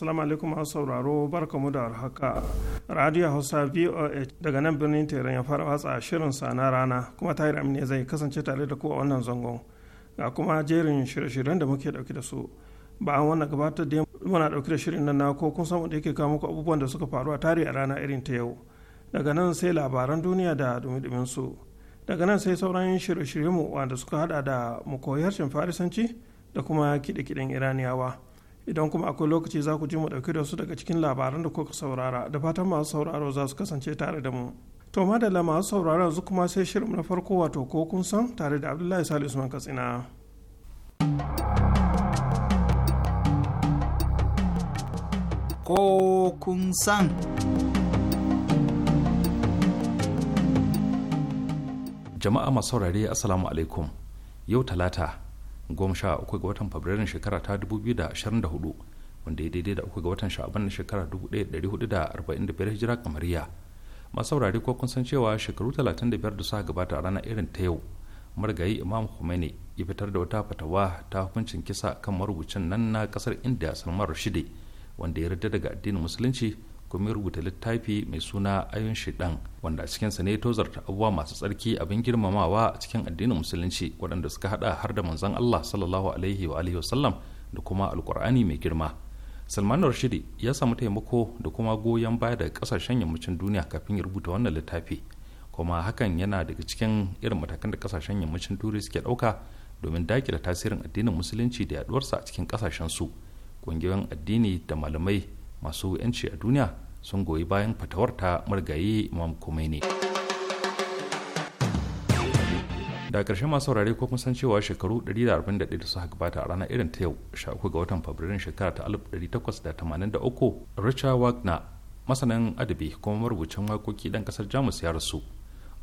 assalamu alaikum masu sauraro barka mu da haka radio hausa voh daga nan birnin teran ya fara watsa shirin sa na rana kuma tahir ne zai kasance tare da ku a wannan zangon ga kuma jerin shirye-shiryen da muke dauke da su an wannan gabatar da muna dauke da shirin nan na ko kun san wanda yake kawo muku abubuwan da suka faru a tare a rana irin ta yau daga nan sai labaran duniya da dumi su daga nan sai sauran shirye-shiryen mu wanda suka hada da mu koyar farisanci da kuma kide-kiden iraniyawa idan kuma akwai lokaci za ku ji mu ɗauki da su daga cikin labaran da kuka saurara da fatan masu sauraro za su kasance tare da mu to madalla masu sauraro yanzu kuma sai shirin na farko wato ko kun san tare da abdullahi salisu usman katsina ko kun san jama'a masu saurare assalamu alaikum yau talata goma sha uku ga watan fabrairun shekara ta 2024 wanda ya daidai da uku ga watan sha'aban na shekara biyar hijira kamariya masu saurari ko kun san cewa shekaru 35 da sa gabata a ranar irin ta yau marigayi imam khomeini ya fitar da wata fatawa ta hukuncin kisa kan marubucin nan na kasar india salman rashidi wanda ya rida daga addinin musulunci kuma rubuta littafi mai suna ayon shidan wanda a cikinsa ne tozarta abubuwa masu tsarki abin girmamawa a cikin addinin musulunci waɗanda suka hada har da manzon Allah sallallahu alaihi wa alihi da kuma alkur'ani mai girma salman rashidi ya samu taimako da kuma goyon baya daga kasashen yammacin duniya kafin ya rubuta wannan littafi kuma hakan yana daga cikin irin matakan da kasashen yammacin turai suke ɗauka domin dakile tasirin addinin musulunci da yaduwarsa a cikin kasashen su ƙungiyoyin addini da malamai masu 'yanci a duniya sun goyi bayan fatawar ta margayi imam Khomeini. da ƙarshe masu saurare ko san cewa shekaru 141 da suka gabata a ranar irin ta yau 13 ga watan fabrairun shekara ta 1883 Richard Wagner masanin adabi kuma marubucin waƙoƙi ɗan ƙasar Jamus ya rasu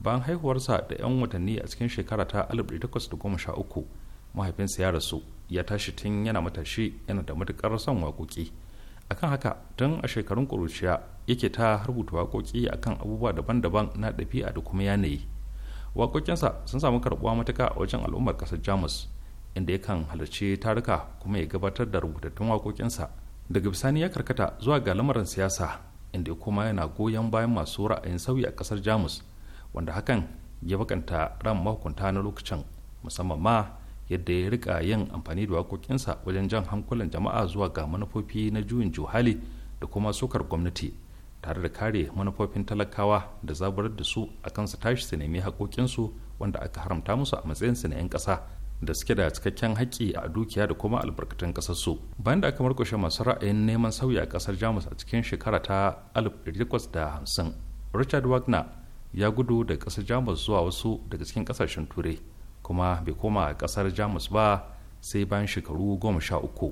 bayan haihuwarsa da 'yan watanni a cikin shekara ta 1813 mahaifinsa ya rasu ya tashi tun yana matashi yana da matuƙar son waƙoƙi akan haka tun a shekarun ƙuruciya yake ta rubuta waƙoƙi akan abubuwa daban-daban na ɗabi'a da kuma yanayi waƙoƙinsa sun samu karɓuwa matuka a wajen al'ummar ƙasar jamus inda yakan halarci taruka kuma ya gabatar da rubutattun waƙoƙinsa daga bisani ya karkata zuwa ga lamarin siyasa inda ya koma yana goyon bayan masu ra'ayin sauyi a ƙasar jamus wanda hakan ya bakanta ran mahukunta na lokacin musamman ma yadda ya rika yin amfani da waƙoƙinsa wajen jan hankulan jama'a zuwa ga manufofi na juyin juhali da kuma sukar gwamnati tare da kare manufofin talakawa da zaburar da su akan su tashi su nemi haƙoƙinsu wanda aka haramta musu a matsayinsu na 'yan ƙasa da suke da cikakken haƙƙi a dukiya da kuma albarkatun su bayan da aka murƙushe masu ra'ayin neman sauyi a ƙasar jamus a cikin shekara ta 1850 richard wagner ya gudu da ƙasar jamus zuwa wasu daga cikin ƙasashen turai kuma bai koma a kasar jamus ba sai bayan shekaru goma sha uku.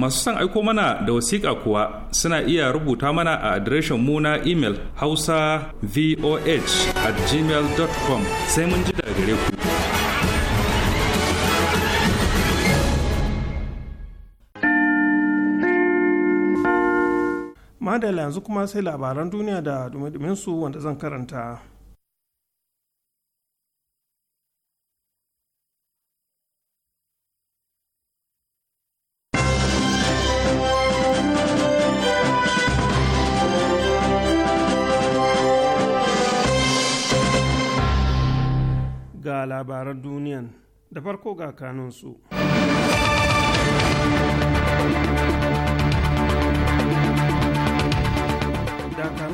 masu son aiko mana da wasiƙa kuwa suna iya rubuta mana a adireshin mu na imel hausa voh at com sai mun ji daga gare ku. Madala yanzu kuma sai labaran duniya da dumi su wanda zan karanta. A labaran duniyan da farko ga kanunsu. Dakarun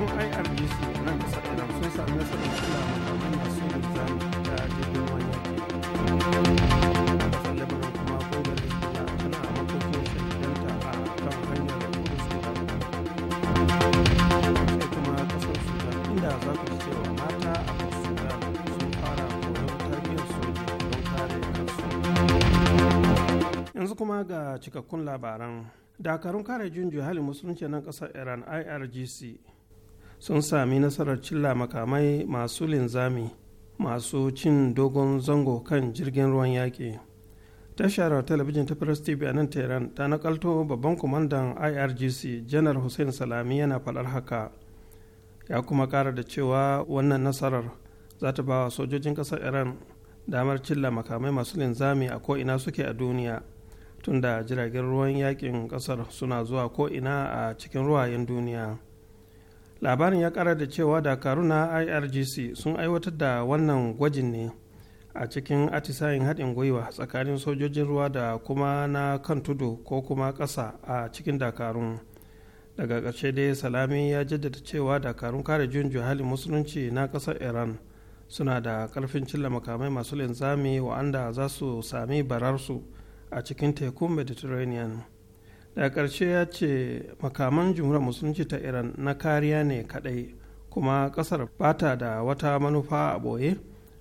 cikakkun labaran dakarun kare junju halin musulunci nan kasar iran irgc sun sami nasarar cilla makamai masu linzami masu cin dogon zango kan jirgin ruwan yaƙi shara talabijin ta press tv a nan tehran ta nakalto babban kwamandan irgc janar hussein salami yana faɗar haka ya kuma ƙara da cewa wannan nasarar za ta ba wa sojojin ƙasar iran damar cilla makamai masu linzami a ko'ina suke a duniya tun da jiragen ruwan yakin kasar suna zuwa ko'ina a cikin ruwayen duniya labarin ya kara da cewa dakaru na irgc sun aiwatar da wannan gwajin ne a cikin atisayin haɗin gwiwa tsakanin sojojin ruwa da kuma na kan tudu ko kuma ƙasa a cikin dakarun daga ƙarshe dai salami ya jaddada cewa dakarun kare juyin halin musulunci na ƙasar iran suna da ƙarfin cilla makamai masu linzami wa'anda za su sami bararsu a cikin tekun mediterranean da ƙarshe ya ce makaman jumhuriyar musulunci ta iran na kariya ne kaɗai kuma ƙasar bata da wata manufa a ɓoye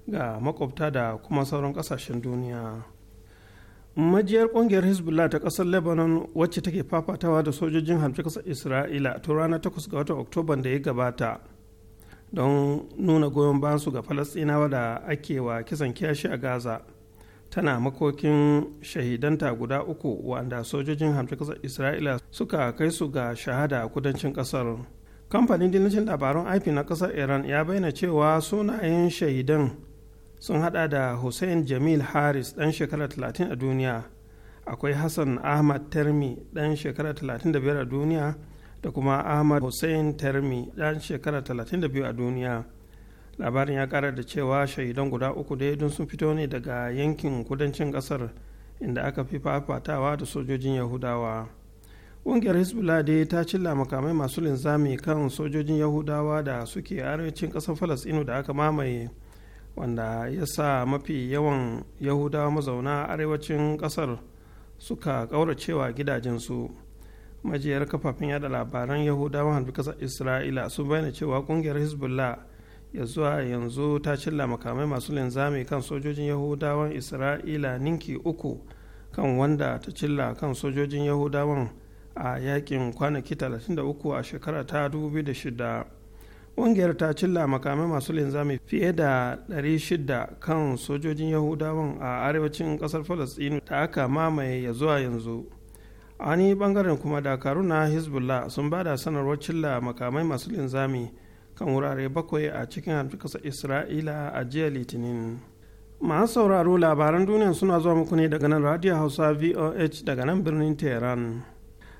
ga makwabta da kuma sauran ƙasashen duniya majiyar ƙungiyar hezbollah ta ƙasar lebanon wacce take fafatawa da sojojin hamshi ƙasar isra'ila ta ranar takwas ga watan oktoban da ya gabata don nuna goyon bayansu ga falasɗinawa da ake wa kisan kiyashi a gaza tana makokin shahidanta guda uku wanda sojojin hamshin kasar isra'ila suka kai su ga shahada a kudancin ƙasar. kamfanin dillancin labarun ip na kasar iran ya bayyana cewa sunayen shahidan sun hada da hussein jamil haris ɗan shekara 30 a duniya akwai hassan ahmad termi dan shekara 35 a duniya da kuma ahmad hussein termi dan shekara 32 a duniya labarin ya kara da cewa shahidan guda uku da duk sun fito ne daga yankin kudancin kasar inda aka fi fafatawa da sojojin yahudawa ƙungiyar hezbollah dai ta cilla makamai masu linzami kan sojojin yahudawa da suke arewacin ƙasar falasɗinu da aka mamaye wanda ya sa mafi yawan yahudawa mazauna arewacin ƙasar suka ƙauracewa gidajensu majiyar kafafen yada labaran yahudawa harbi ƙasar isra'ila sun bayyana cewa ƙungiyar hezbollah ya zuwa yanzu ta cilla makamai masu linzami kan sojojin yahudawan isra'ila ninki uku kan wanda ta cilla kan sojojin yahudawan a yakin kwanaki 33 a shekara ta 2006 ƙungiyar ta cilla makamai masu linzami fiye da 600 kan sojojin yahudawan a arewacin ƙasar falasɗinu da aka mamaye ya zuwa yanzu a wani bangaren kuma dakaru na hezbollah sun ba da sanarwar cilla makamai masu linzami kan wurare bakwai a cikin ƙasar isra'ila a jiya litinin masu sauraro labaran duniya suna zuwa muku ne daga nan radio hausa voh daga nan birnin tehran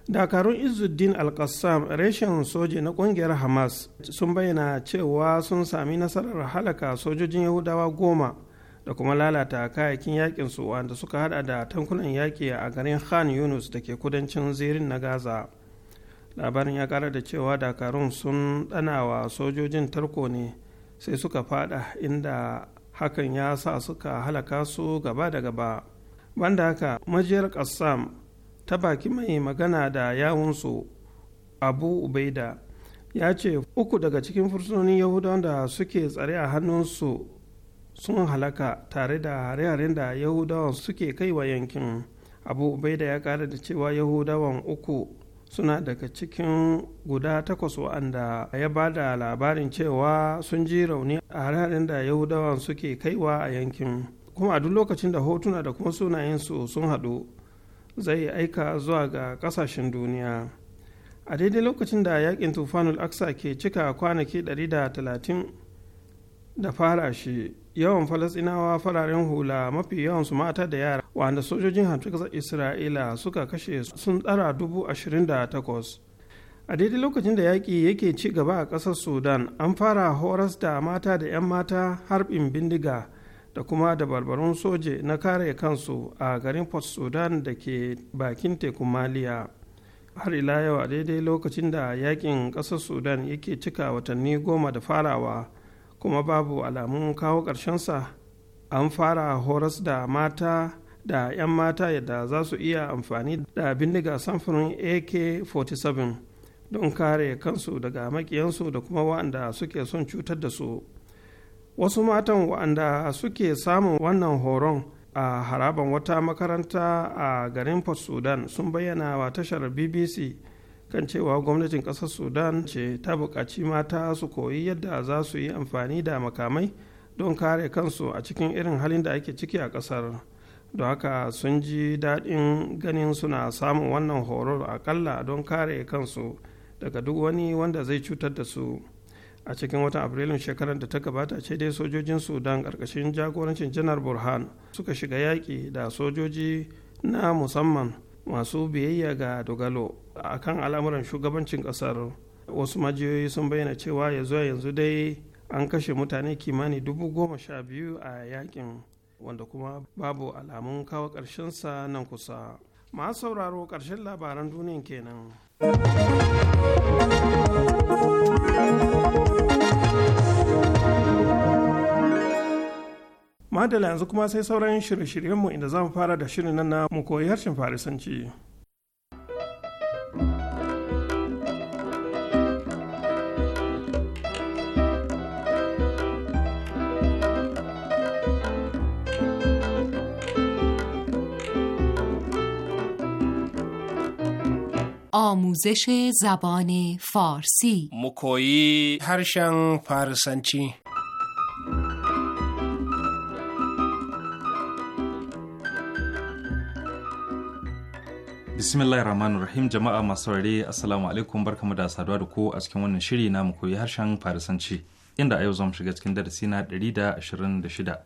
dakarun izuddin alkassam reshen soji na kungiyar hamas sun bayyana cewa sun sami nasarar halaka sojojin yahudawa goma da kuma lalata kayayyakin yakin su wanda suka hada da tankunan yaƙi a garin khan yunus da ke kudancin zirin na gaza labarin ya kara da cewa dakarun sun wa sojojin tarko ne sai suka fada inda hakan ya sa suka halaka su gaba da gaba banda haka majiyar kassam ta baki mai magana da yawunsu abu ubaida ya ce uku daga cikin fursunonin yahudawan da suke tsare a hannunsu sun halaka tare da hare-haren da yahudawan suke kaiwa yankin abu ubaida ya kara da cewa yahudawan uku suna daga cikin guda takwas wa'anda ya ba da labarin cewa sun ji rauni a harharin da yahudawan suke kaiwa a yankin kuma a duk lokacin da hotuna da kuma sunayen su sun haɗu zai aika zuwa ga ƙasashen duniya a daidai lokacin da yakin tufanul aksa ke cika kwanaki 130 da fara shi yawan falasinawa fararen hula mafi yawansu mata da yara wanda sojojin hamsin ƙasar isra'ila suka kashe sun tsara dubu ashirin da takwas a daidai lokacin da yaƙi yake ci gaba a ƙasar sudan an fara horas da mata da 'yan mata harbin bindiga da kuma dabarbarun soje na kare kansu a garin port sudan da ke bakin tekun maliya har ila yau a daidai lokacin da yaƙin ƙasar sudan yake cika watanni goma da farawa kuma babu alamun kawo sa, an fara horas da mata da 'yan mata yadda za su iya amfani da bindiga samfurin ak-47 don kare kansu daga makiyansu da kuma wa'anda suke son cutar da su wasu matan wa'anda suke samun wannan horon a haraban wata makaranta a garin port sudan sun bayyana wa tashar bbc kan cewa gwamnatin ƙasar sudan ce ta buƙaci mata su koyi yadda za su yi amfani da makamai don kare kansu a cikin irin halin da ake ciki a ƙasar don haka sun ji daɗin ganin suna samun wannan horar akalla don kare kansu daga duk wani wanda zai cutar da su a cikin watan afrilun shekarar da ta gabata ce dai sojojin sudan ƙarƙashin jagorancin janar burhan suka shiga yaƙi da sojoji na musamman masu biyayya ga dogalo a kan al'amuran shugabancin kasar wasu majiyoyi sun bayyana cewa ya zuwa yanzu dai an kashe mutane kimani dubu goma sha biyu a yakin wanda kuma babu alamun kawo ƙarshensa nan kusa masu sauraro ƙarshen labaran duniyan kenan. madala yanzu kuma sai sauran shirye-shiryenmu inda za mu fara da shirin nan na mu koyi harshen farisanci آموزش زبان فارسی مکویی هرشن farisanci Bismillahir Rahmanir Rahim jama'a masu saurare Assalamu alaikum barkamu da saduwa da ku a cikin wannan shiri na mu koyi harshen Farisanci inda a yau zamu shiga cikin darasi na ɗari da da ashirin shida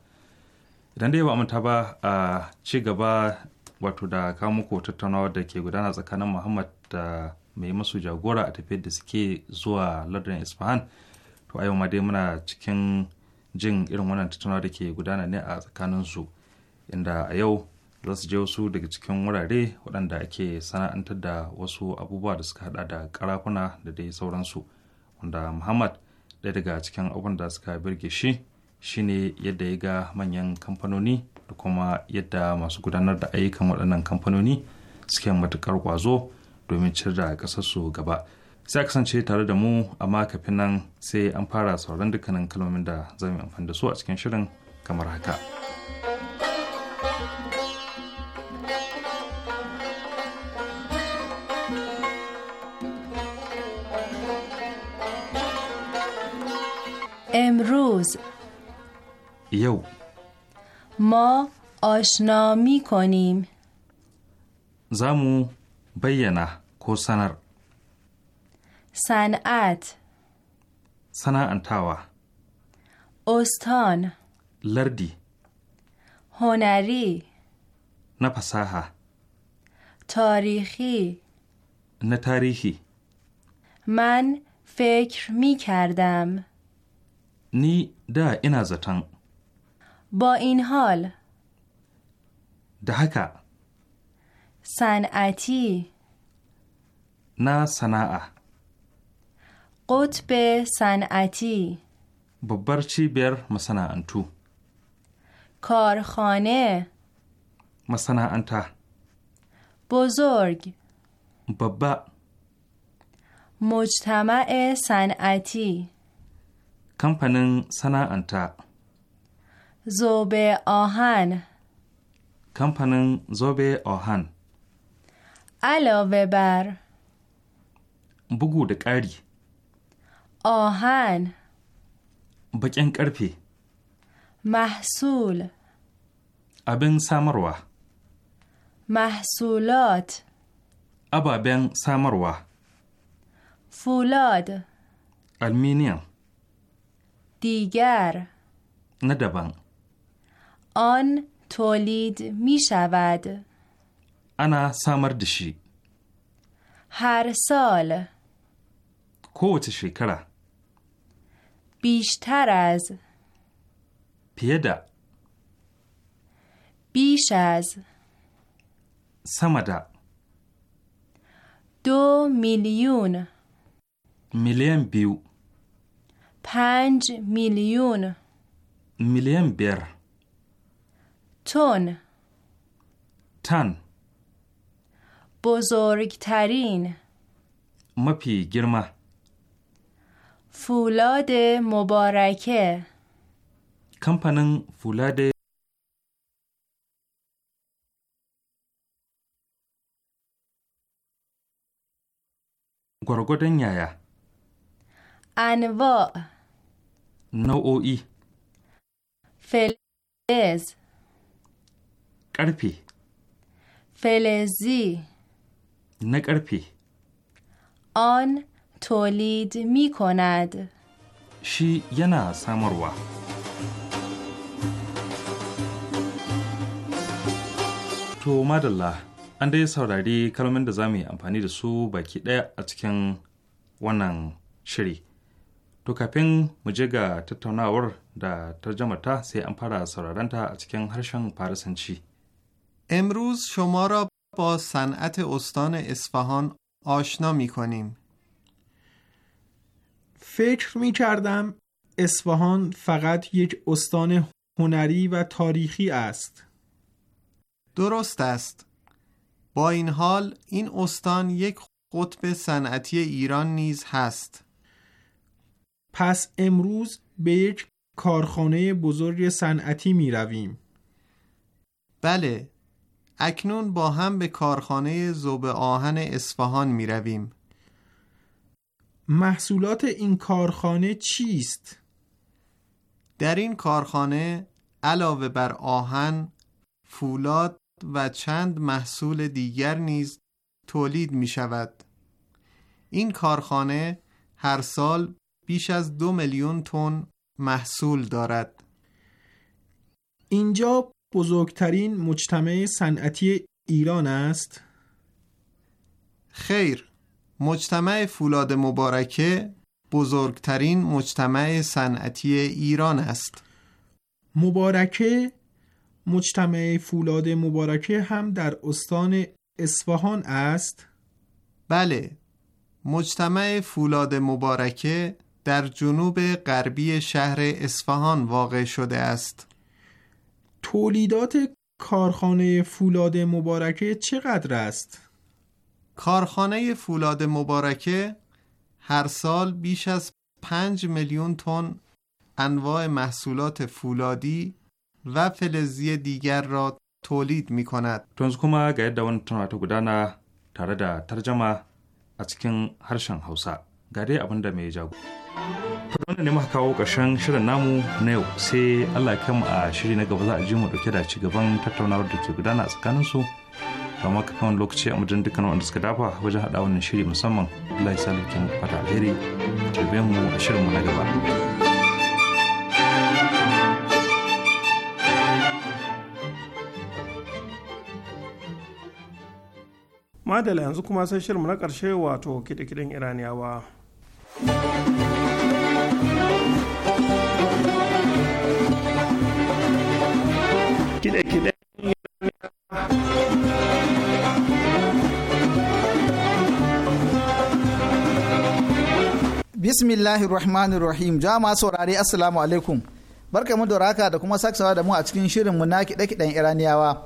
Idan dai ba manta ba a ci gaba wato da kawo muku tattaunawa da ke gudana tsakanin Muhammad da mai masu jagora a tafiyar da suke zuwa lardin Isfahan. To a yau ma dai muna cikin jin irin wannan tattaunawa da ke gudana ne a tsakanin su inda a yau za su je wasu daga cikin wurare waɗanda ake sana'antar da wasu abubuwa da suka hada da karafuna da dai sauransu wanda muhammad ɗaya daga cikin abin da suka birge shi shine yadda ya ga manyan kamfanoni da kuma yadda masu gudanar da ayyukan waɗannan kamfanoni suke matuƙar ƙwazo domin cire da ƙasarsu gaba sai kasance tare da mu amma kafin nan sai an fara sauran dukkanin kalmomin da zamu amfani da su a cikin shirin kamar haka. امروز یو ما آشنا می کنیم زمو کو سنعت صنعت صنعتاوا استان لردی هنری نپساها تاریخی نتاریخی من فکر می کردم ni da ina zaton. Ba in hal. Da haka. San'ati. Na sana'a. Ƙotbe san'ati. Babbar cibiyar masana'antu. Karkhane. Masana'anta. Bozorg. Babba. Mujtama'e san'ati. kamfanin sana'anta. Zobe Ohan. Kamfanin Zobe Ohan. Alo Bugu da ƙari. Ohan. Bakin ƙarfe. Mahsul. Abin samarwa. Mahsulot. Ababen samarwa. Fulod. Alminiyan. دیگر ندبن آن تولید می شود انا سامردشی هر سال کوت شکره بیشتر از پیدا بیش از سمدا دو میلیون میلیون بیو پنج میلیون میلیون بیر تون تن بزرگترین مپی گرما فولاد مبارکه کمپنن فولاد gwargwadon yaya? Anwa nau'o'i feles. ƙarfe felezi. na ƙarfe on tolid می کند shi yana samarwa. To madalla, an dai saurari kalmomin da za mu yi amfani da su baki ɗaya a cikin wannan shiri. To kafin mu je ga tattaunawar da tarjamata sai an fara saurarenta a cikin harshen Farisanci. امروز شما را با صنعت استان اصفهان آشنا می کنیم. فکر می کردم اصفهان فقط یک استان هنری و تاریخی است. درست است. با این حال این استان یک قطب صنعتی ایران نیز هست. پس امروز به یک کارخانه بزرگ صنعتی می رویم. بله اکنون با هم به کارخانه زوب آهن اصفهان می رویم. محصولات این کارخانه چیست؟ در این کارخانه علاوه بر آهن، فولاد و چند محصول دیگر نیز تولید می شود. این کارخانه هر سال بیش از دو میلیون تن محصول دارد. اینجا بزرگترین مجتمع صنعتی ایران است؟ خیر، مجتمع فولاد مبارکه بزرگترین مجتمع صنعتی ایران است. مبارکه مجتمع فولاد مبارکه هم در استان اصفهان است؟ بله، مجتمع فولاد مبارکه در جنوب غربی شهر اصفهان واقع شده است تولیدات کارخانه فولاد مبارکه چقدر است؟ کارخانه فولاد مبارکه هر سال بیش از 5 میلیون تن انواع محصولات فولادی و فلزی دیگر را تولید می کند. تونز کما گاید دوان گدانا ترجمه از کن هرشن حوصه. ga dai abin da mai jago. Wannan ne muka kawo ƙarshen shirin namu na yau sai Allah ya kama a shiri na gaba za a ji mu dauke da gaban tattaunawar da ke gudana a tsakanin su kamar ka kan lokaci a madadin dukkan wanda suka dafa wajen haɗa wannan shiri musamman Allah ya sa kin fata alheri tarbe mu a shirin mu na gaba. madala yanzu kuma sai shirin na ƙarshe wato kiɗe-kiɗen iraniyawa bismillahi rahmani Bismillahir Rahmanir Rahim. Jama'a saurare Assalamu alaikum. Barka mu da raka da kuma saksawa da mu a cikin shirin mu na kiɗe-kiɗen Iraniyawa.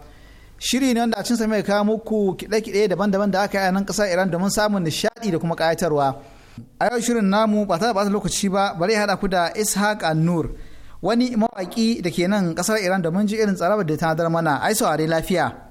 Shiri ne wanda a cin sa mai kawo muku kiɗe-kiɗe daban-daban da aka yi a nan ƙasar Iran domin samun nishaɗi da kuma kayatarwa. a yau shirin namu ba ta bata lokaci ba bari hada ku da ishaq an wani mawaƙi da ke nan ƙasar iran da mun ji irin tsarabar da ta mana ai saurare lafiya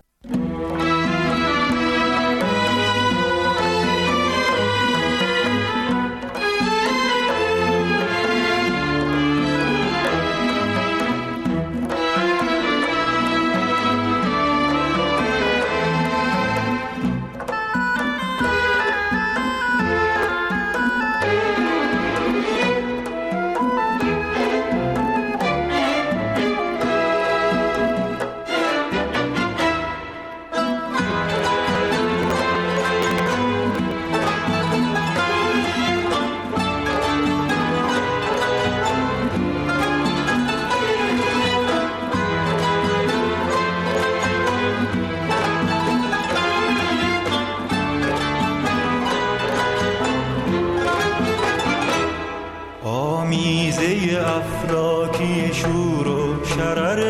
خاکی شور و شرر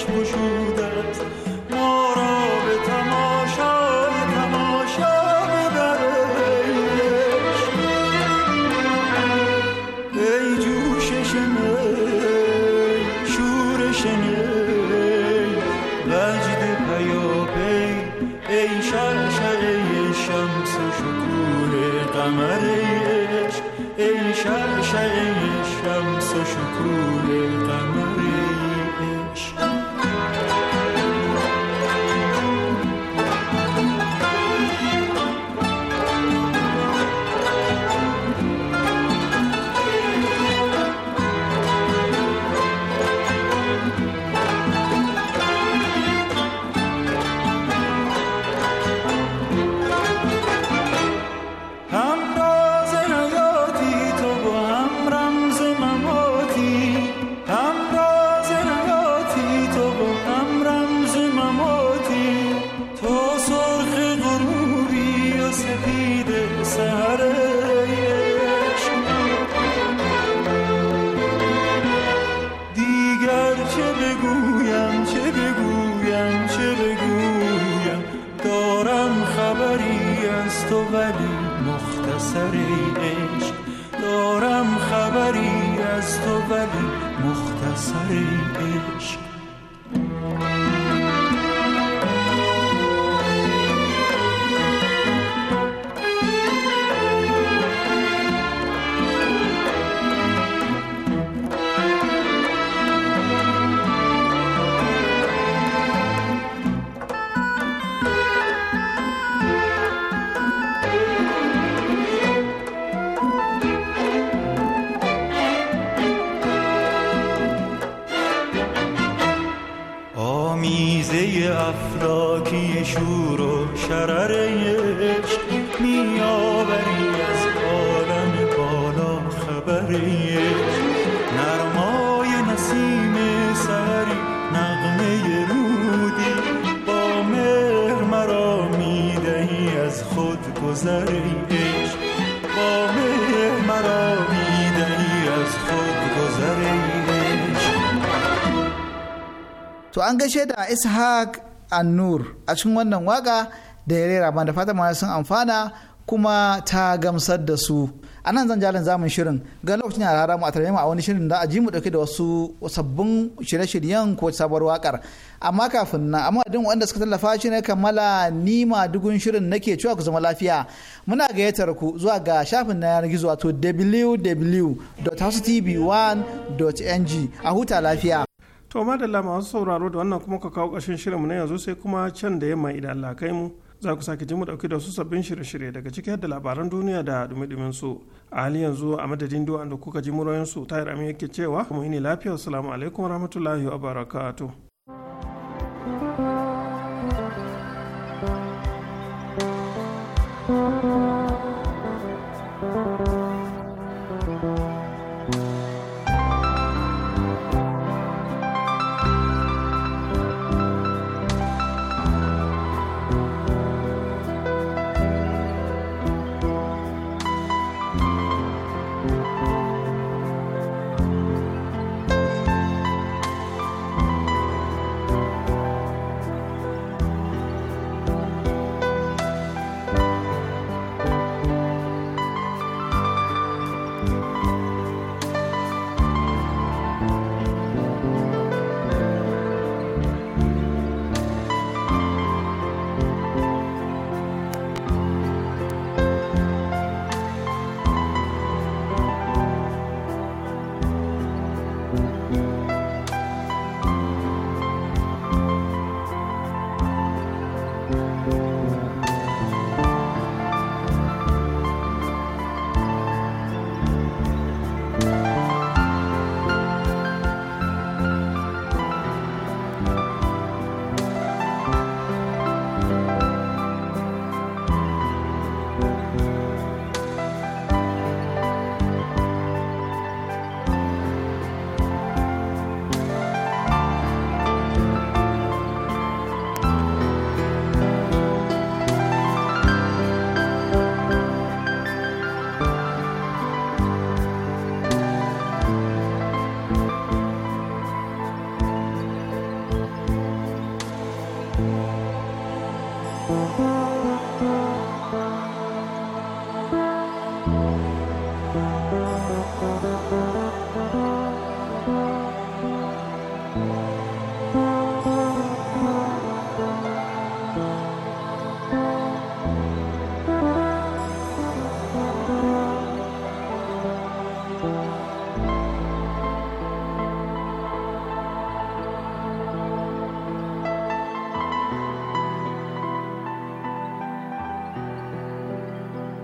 aşk boşu مختصر این افلاکی شور و شرر عشق میآوری از عالم بالا خبر نرمای نسیم سری نغمه رودی با مهر مرا میدهی از خود گذر عشق با مهر مرا میدهی از خود گذر تو انگشه an gaishe annur a cikin wannan waka da ya rera ban da fatan mana sun amfana kuma ta gamsar da su a nan zan jalin zamun shirin ga lokacin yara ramu a tare a wani shirin da a ji mu dauke da wasu sabbin shirye-shiryen ko sabuwar wakar amma kafin nan amma din wanda suka tallafa shi ne kammala nima dugun shirin nake cewa ku zama lafiya muna gayyatar ku zuwa ga shafin na yanar gizo wato www.housetv1.ng a huta lafiya to madalla masu sauraro da wannan kuma ka kawo ƙarshen shirinmu na yanzu sai kuma can da yamma idan Allah kai mu za ku sake ji mu dauki da wasu sabbin shirye-shirye daga cikin da labaran duniya da dumi dumin su a hali yanzu a madadin duwan da kuka ji murayen su tayar rami yake cewa mu ne lafiya assalamu alaikum warahmatullahi barakatu.